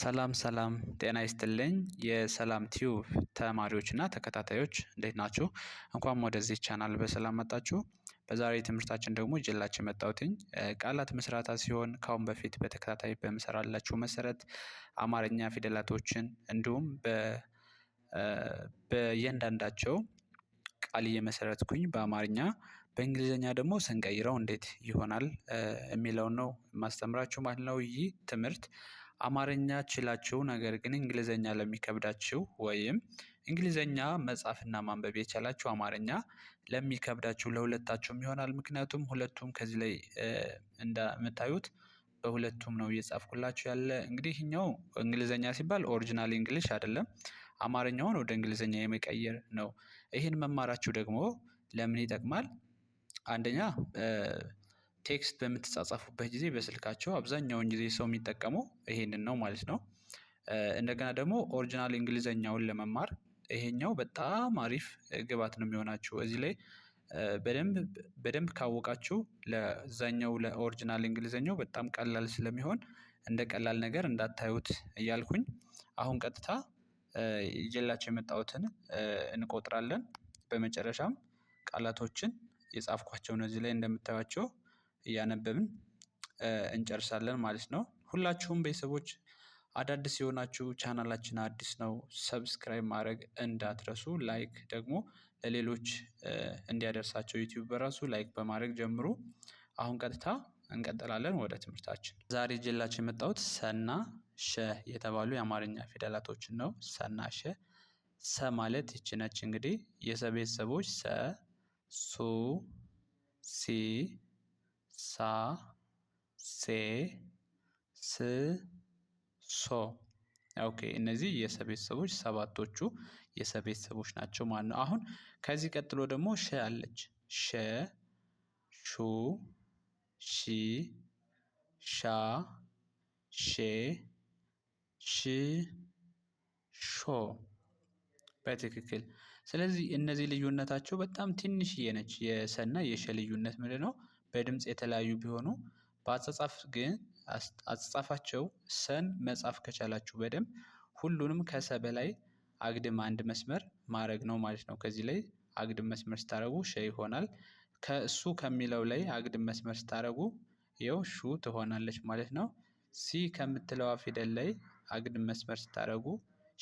ሰላም ሰላም ጤና ይስጥልኝ የሰላም ቲዩብ ተማሪዎችና ተከታታዮች እንዴት ናችሁ? እንኳን ወደዚህ ቻናል በሰላም መጣችሁ። በዛሬ ትምህርታችን ደግሞ ጀላችን መጣውትኝ ቃላት መስራታ ሲሆን ካሁን በፊት በተከታታይ በምሰራላችሁ መሰረት አማርኛ ፊደላቶችን እንዲሁም በእያንዳንዳቸው ቃል እየመሰረትኩኝ በአማርኛ በእንግሊዝኛ ደግሞ ስንቀይረው እንዴት ይሆናል የሚለውን ነው ማስተምራችሁ ማለት ነው። ይህ ትምህርት አማርኛ ችላችሁ ነገር ግን እንግሊዘኛ ለሚከብዳችሁ ወይም እንግሊዘኛ መጻፍና ማንበብ የቻላችሁ አማርኛ ለሚከብዳችሁ ለሁለታችሁም ይሆናል። ምክንያቱም ሁለቱም ከዚህ ላይ እንደምታዩት በሁለቱም ነው እየጻፍኩላችሁ ያለ። እንግዲህ እኛው እንግሊዘኛ ሲባል ኦሪጂናል እንግሊሽ አይደለም፣ አማርኛውን ወደ እንግሊዘኛ የመቀየር ነው። ይህን መማራችሁ ደግሞ ለምን ይጠቅማል? አንደኛ ቴክስት በምትጻጻፉበት ጊዜ በስልካቸው አብዛኛውን ጊዜ ሰው የሚጠቀመው ይሄንን ነው ማለት ነው። እንደገና ደግሞ ኦሪጂናል እንግሊዘኛውን ለመማር ይሄኛው በጣም አሪፍ ግብዓት ነው የሚሆናችሁ እዚህ ላይ በደንብ በደንብ ካወቃችሁ ለዛኛው ለኦሪጂናል እንግሊዘኛው በጣም ቀላል ስለሚሆን እንደ ቀላል ነገር እንዳታዩት እያልኩኝ አሁን ቀጥታ ይዤላቸው የመጣሁትን እንቆጥራለን። በመጨረሻም ቃላቶችን የጻፍኳቸው እዚህ ላይ እንደምታዩቸው። እያነበብን እንጨርሳለን ማለት ነው። ሁላችሁም ቤተሰቦች አዳዲስ የሆናችሁ ቻናላችን አዲስ ነው፣ ሰብስክራይብ ማድረግ እንዳትረሱ። ላይክ ደግሞ ለሌሎች እንዲያደርሳቸው ዩቲዩብ በራሱ ላይክ በማድረግ ጀምሩ። አሁን ቀጥታ እንቀጥላለን ወደ ትምህርታችን። ዛሬ ጀላችሁ የመጣሁት ሰና ሸ የተባሉ የአማርኛ ፊደላቶችን ነው። ሰና ሸ። ሰ ማለት ይችነች ነች እንግዲህ የሰ ቤተሰቦች ሰ፣ ሱ፣ ሲ ሳ ሴ ስ ሶ ኦኬ እነዚህ የሰቤተሰቦች ሰባቶቹ የሰቤተሰቦች ናቸው ማለት ነው። አሁን ከዚህ ቀጥሎ ደግሞ ሸ አለች። ሸ ሹ ሺ ሻ ሼ ሽ ሾ በትክክል ስለዚህ እነዚህ ልዩነታቸው በጣም ትንሽዬ ነች። የሰና የሸ ልዩነት ምንድን ነው? በድምፅ የተለያዩ ቢሆኑ በአጻጻፍ ግን አጻጻፋቸው ሰን መጻፍ ከቻላችሁ በደንብ ሁሉንም ከሰ በላይ አግድም አንድ መስመር ማድረግ ነው ማለት ነው። ከዚህ ላይ አግድም መስመር ስታደረጉ ሸ ይሆናል። ከእሱ ከሚለው ላይ አግድም መስመር ስታደረጉ ይኸው ሹ ትሆናለች ማለት ነው። ሲ ከምትለዋ ፊደል ላይ አግድም መስመር ስታደረጉ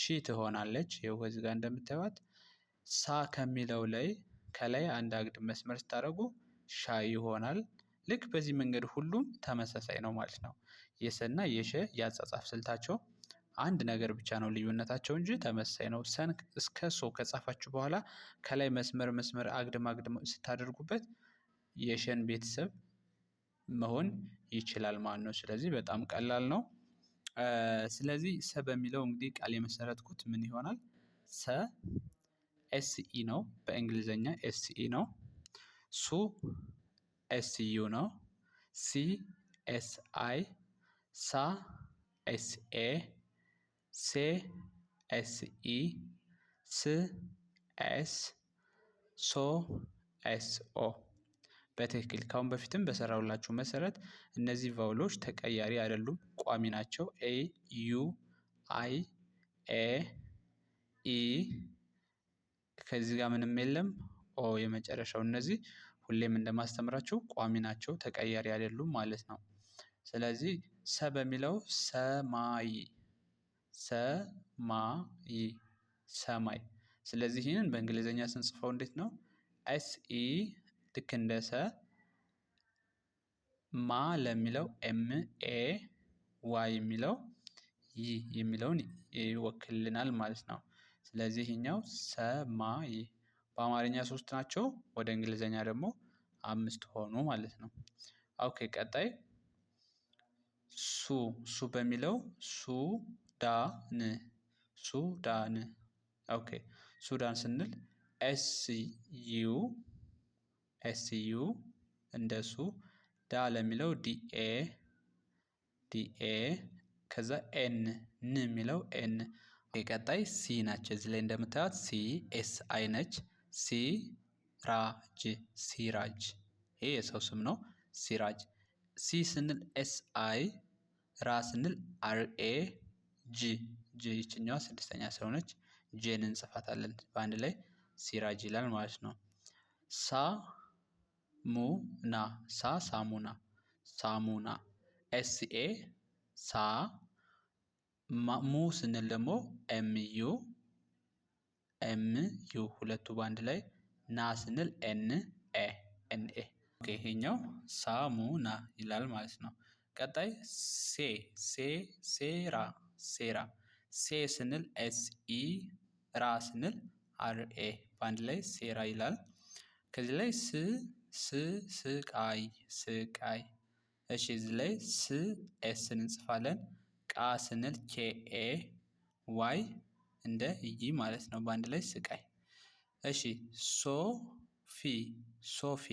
ሺ ትሆናለች። ይኸው ከዚህ ጋር እንደምታዩት ሳ ከሚለው ላይ ከላይ አንድ አግድም መስመር ስታደረጉ። ሻ ይሆናል። ልክ በዚህ መንገድ ሁሉም ተመሳሳይ ነው ማለት ነው። የሰና የሸ የአጻጻፍ ስልታቸው አንድ ነገር ብቻ ነው ልዩነታቸው እንጂ ተመሳሳይ ነው። ሰን እስከ ሶ ከጻፋችሁ በኋላ ከላይ መስመር መስመር አግድም አግድም ስታደርጉበት የሸን ቤተሰብ መሆን ይችላል ማለት ነው። ስለዚህ በጣም ቀላል ነው። ስለዚህ ሰ በሚለው እንግዲህ ቃል የመሰረትኩት ምን ይሆናል? ሰ ኤስኢ ነው። በእንግሊዝኛ ኤስኢ ነው። ሱ ኤስዩ ነው። ሲ ኤስ አይ፣ ሳ ኤስ ኤ፣ ሴ ኤስ ኢ፣ ስ ኤስ፣ ሶ ኤስ ኦ። በትክክል ካሁን በፊትም በሰራሁላችሁ መሰረት እነዚህ ቫውሎች ተቀያሪ አይደሉም፣ ቋሚ ናቸው። ኤ ዩ አይ ኤ ኢ ከዚህ ጋር ምንም የለም። ኦ የመጨረሻው እነዚህ ሁሌም እንደማስተምራችሁ ቋሚ ናቸው፣ ተቀያሪ አይደሉም ማለት ነው። ስለዚህ ሰ በሚለው ሰማይ ሰማይ ሰማይ። ስለዚህ ይህንን በእንግሊዝኛ ስንጽፈው እንዴት ነው? ኤስ ልክ እንደ ሰ ማ ለሚለው ኤም ኤ ዋይ የሚለው ይ የሚለውን ይወክልናል ማለት ነው። ስለዚህ ይህኛው ሰማይ በአማርኛ ሶስት ናቸው ወደ እንግሊዘኛ ደግሞ አምስት ሆኑ ማለት ነው። ኦኬ ቀጣይ ሱ ሱ በሚለው ዳ ን ኦኬ ሱዳን ስንል ኤስ ዩ እንደ ሱ ዳ ለሚለው ዲኤ ዲኤ ከዛ ኤን ን የሚለው ኤን። ቀጣይ ሲ ናቸው። እዚህ ላይ እንደምታዩት ሲ ኤስ አይ ነች። ሲራጅ ሲራጅ ይሄ የሰው ስም ነው። ሲራጅ ሲ ስንል ኤስ አይ ራ ስንል አር ኤ ጂ ጂ ይችኛዋ ስድስተኛ ስለሆነች ጄን እንጽፋታለን። በአንድ ላይ ሲራጅ ይላል ማለት ነው። ሳ ሙ ና ሳ ሳሙና ሳሙና ኤስ ኤ ሳ ሙ ስንል ደግሞ ኤምዩ ኤም ዩ ሁለቱ ባንድ ላይ ና ስንል ኤን ኤ ኤን ኤ። ይሄኛው ሳሙና ይላል ማለት ነው። ቀጣይ ሴ ሴ ሴራ ሴራ ሴ ስንል ኤስ ኢ ራ ስንል አር ኤ ባንድ ላይ ሴራ ይላል። ከዚህ ላይ ስ ስ ስቃይ ስቃይ። እሺ እዚህ ላይ ስ ኤስን እንጽፋለን። ቃ ስንል ኬ ኤ ዋይ እንደ እይ ማለት ነው። በአንድ ላይ ስቃይ። እሺ ሶፊ ሶፊ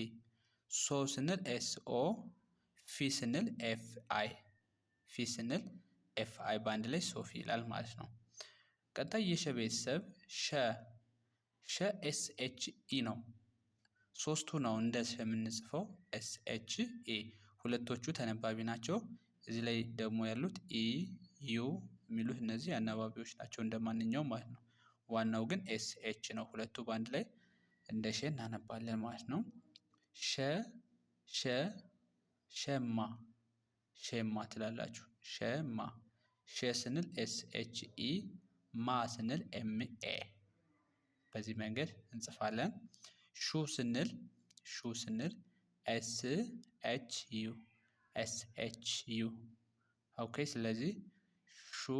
ሶ ስንል ኤስ ኦ ፊ ስንል ኤፍ አይ ፊ ስንል ኤፍ አይ በአንድ ላይ ሶፊ ይላል ማለት ነው። ቀጣይ የሸ ቤተሰብ ሸ ሸ ኤስ ኤች ኢ ነው። ሶስቱ ነው እንደ ሸ የምንጽፈው ኤስ ኤች ኢ። ሁለቶቹ ተነባቢ ናቸው። እዚህ ላይ ደግሞ ያሉት ኢ ዩ የሚሉት እነዚህ አናባቢዎች ናቸው ማንኛውም ማለት ነው። ዋናው ግን ኤስ ኤች ነው። ሁለቱ በአንድ ላይ እንደ ሼ እናነባለን ማለት ነው። ሸ ሸ ሸማ ሸማ ትላላችሁ። ሸማ ሸ ስንል ኤስ ኤች ኢ ማ ስንል ኤም ኤ በዚህ መንገድ እንጽፋለን። ሹ ስንል ሹ ስንል ኤስ ኤች ዩ ኤስ ኤች ዩ ኦኬ። ስለዚህ ሹ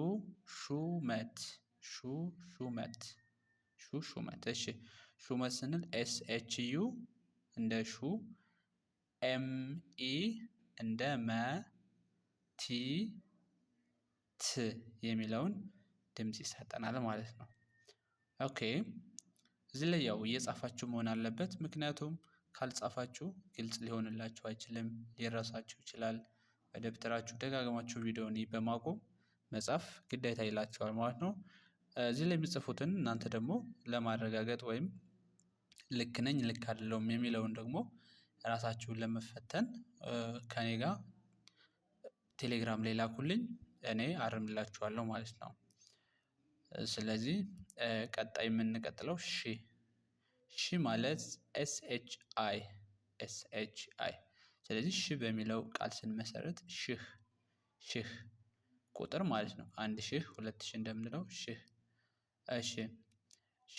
ሹመት ሹ ሹመት ሹ ሹመት። እሺ ሹመት ስንል ኤስ ኤች ዩ እንደ ሹ ኤም ኢ እንደ መ ቲ ት የሚለውን ድምፅ ይሰጠናል ማለት ነው። ኦኬ እዚህ ላይ ያው እየጻፋችሁ መሆን አለበት። ምክንያቱም ካልጻፋችሁ ግልጽ ሊሆንላችሁ አይችልም፣ ሊረሳችሁ ይችላል። በደብተራችሁ ደጋግማችሁ ቪዲዮን በማቆም መጻፍ ግዴታ ይላቸዋል ማለት ነው። እዚህ ላይ የሚጽፉትን እናንተ ደግሞ ለማረጋገጥ ወይም ልክ ነኝ ልክ አይደለሁም የሚለውን ደግሞ ራሳችሁን ለመፈተን ከኔ ጋር ቴሌግራም ላይ ላኩልኝ እኔ አርምላችኋለሁ ማለት ነው። ስለዚህ ቀጣይ የምንቀጥለው ሺ ሺ ማለት ኤስ ኤች አይ ኤስ ኤች አይ ስለዚህ ሺ በሚለው ቃል ስንመሰረት ሺህ ሺህ ቁጥር ማለት ነው። አንድ ሺህ ሁለት ሺህ እንደምንለው ሺህ። እሺ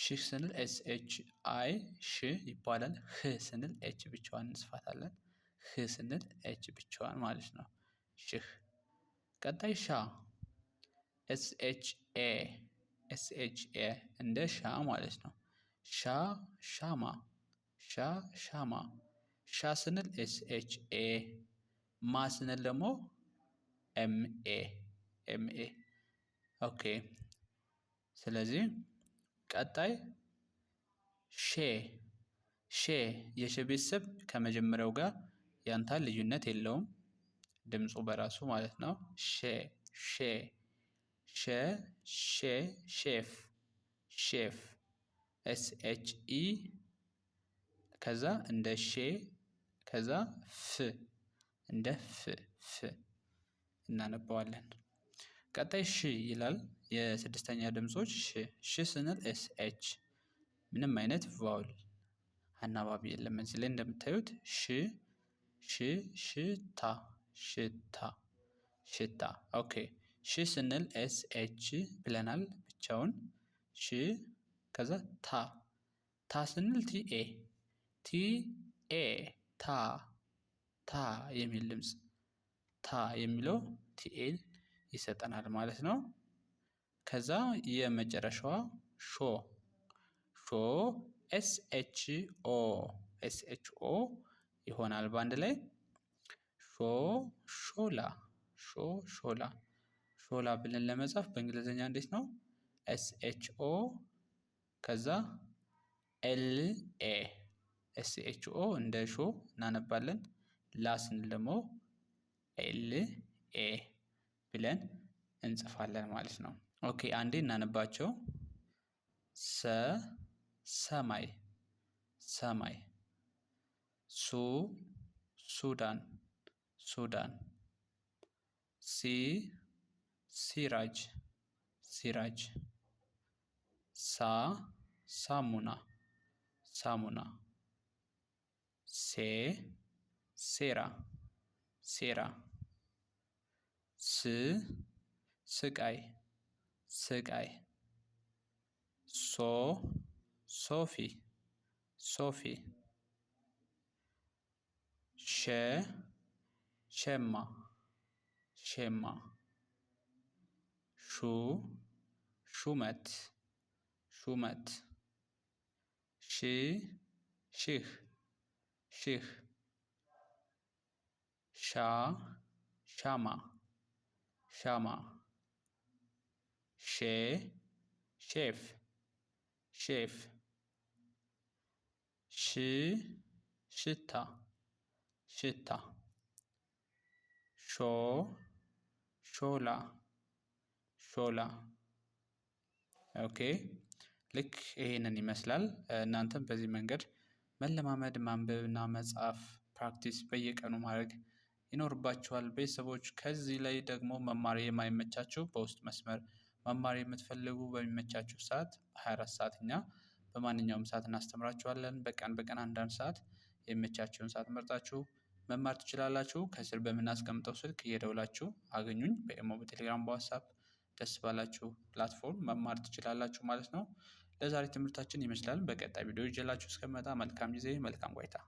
ሺህ ስንል ኤስ ኤች አይ ሺ ይባላል። ህ ስንል ኤች ብቻዋን እንጽፋታለን። ህ ስንል ኤች ብቻዋን ማለት ነው። ሺህ። ቀጣይ ሻ ኤስ ኤች ኤ ኤስ ኤች ኤ እንደ ሻ ማለት ነው። ሻ ሻማ፣ ሻ ሻማ። ሻ ስንል ኤስ ኤች ኤ ማ ስንል ደግሞ ኤም ኤ ኤምኤ ኦኬ። ስለዚህ ቀጣይ ሼ ሼ የሽ ቤተሰብ ከመጀመሪያው ጋር ያንታ ልዩነት የለውም፣ ድምፁ በራሱ ማለት ነው። ሼ ሼ ሼ ሼ ሼፍ ሼፍ ኤስ ኤች ኢ ከዛ እንደ ሼ ከዛ ፍ እንደ ፍ ፍ እናነባዋለን። ቀጣይ ሽ ይላል። የስድስተኛ ድምፆች ሽ ሽ ስንል ኤስ ኤች ምንም አይነት ቫውል አናባቢ የለም። እዚህ ላይ እንደምታዩት ሽ ሽ ሽታ ሽታ ሽታ። ኦኬ ሽ ስንል ኤስ ኤች ብለናል ብቻውን ሽ ከዛ ታ ታ ስንል ቲ ኤ ቲ ኤ ታ ታ የሚል ድምፅ ታ የሚለው ቲኤ ይሰጠናል ማለት ነው። ከዛ የመጨረሻዋ ሾ ሾ ኤስ ኤች ኦ ኤስ ኤች ኦ ይሆናል በአንድ ላይ ሾ ሾላ ሾ ሾላ ሾላ ብለን ለመጻፍ በእንግሊዝኛ እንዴት ነው? ኤስ ኤች ኦ ከዛ ኤል ኤ ኤስ ኤች ኦ እንደ ሾ እናነባለን። ላ ስንል ደግሞ ኤል ኤ ብለን እንጽፋለን ማለት ነው። ኦኬ አንዴ እናነባቸው። ሰ ሰማይ ሰማይ ሱ ሱዳን ሱዳን ሲ ሲራጅ ሲራጅ ሳ ሳሙና ሳሙና ሴ ሴራ ሴራ ስ ስቃይ ስቃይ ሶ ሶፊ ሶፊ ሸ ሸማ ሸማ ሹ ሹመት ሹመት ሺ ሺህ ሺህ ሻ ሻማ ሻማ ሼ ሼፍ ሼፍ ሽ ሽታ ሽታ ሾ ሾላ ሾላ ኦኬ ልክ ይሄንን ይመስላል። እናንተም በዚህ መንገድ መለማመድ ማንበብና መጻፍ ፕራክቲስ በየቀኑ ማድረግ ይኖርባቸዋል ቤተሰቦች ከዚህ ላይ ደግሞ መማር የማይመቻችሁ በውስጥ መስመር መማር የምትፈልጉ በሚመቻችሁ ሰዓት 24 ሰዓት እኛ በማንኛውም ሰዓት እናስተምራችኋለን። በቀን በቀን አንዳንድ ሰዓት የሚመቻችሁን ሰዓት መርጣችሁ መማር ትችላላችሁ። ከስር በምናስቀምጠው ስልክ እየደውላችሁ አገኙኝ። በኢሞ፣ በቴሌግራም፣ በዋትሳፕ ደስ ባላችሁ ፕላትፎርም መማር ትችላላችሁ ማለት ነው። ለዛሬ ትምህርታችን ይመስላል። በቀጣይ ቪዲዮ ይዤላችሁ እስከመጣ መልካም ጊዜ፣ መልካም ቆይታ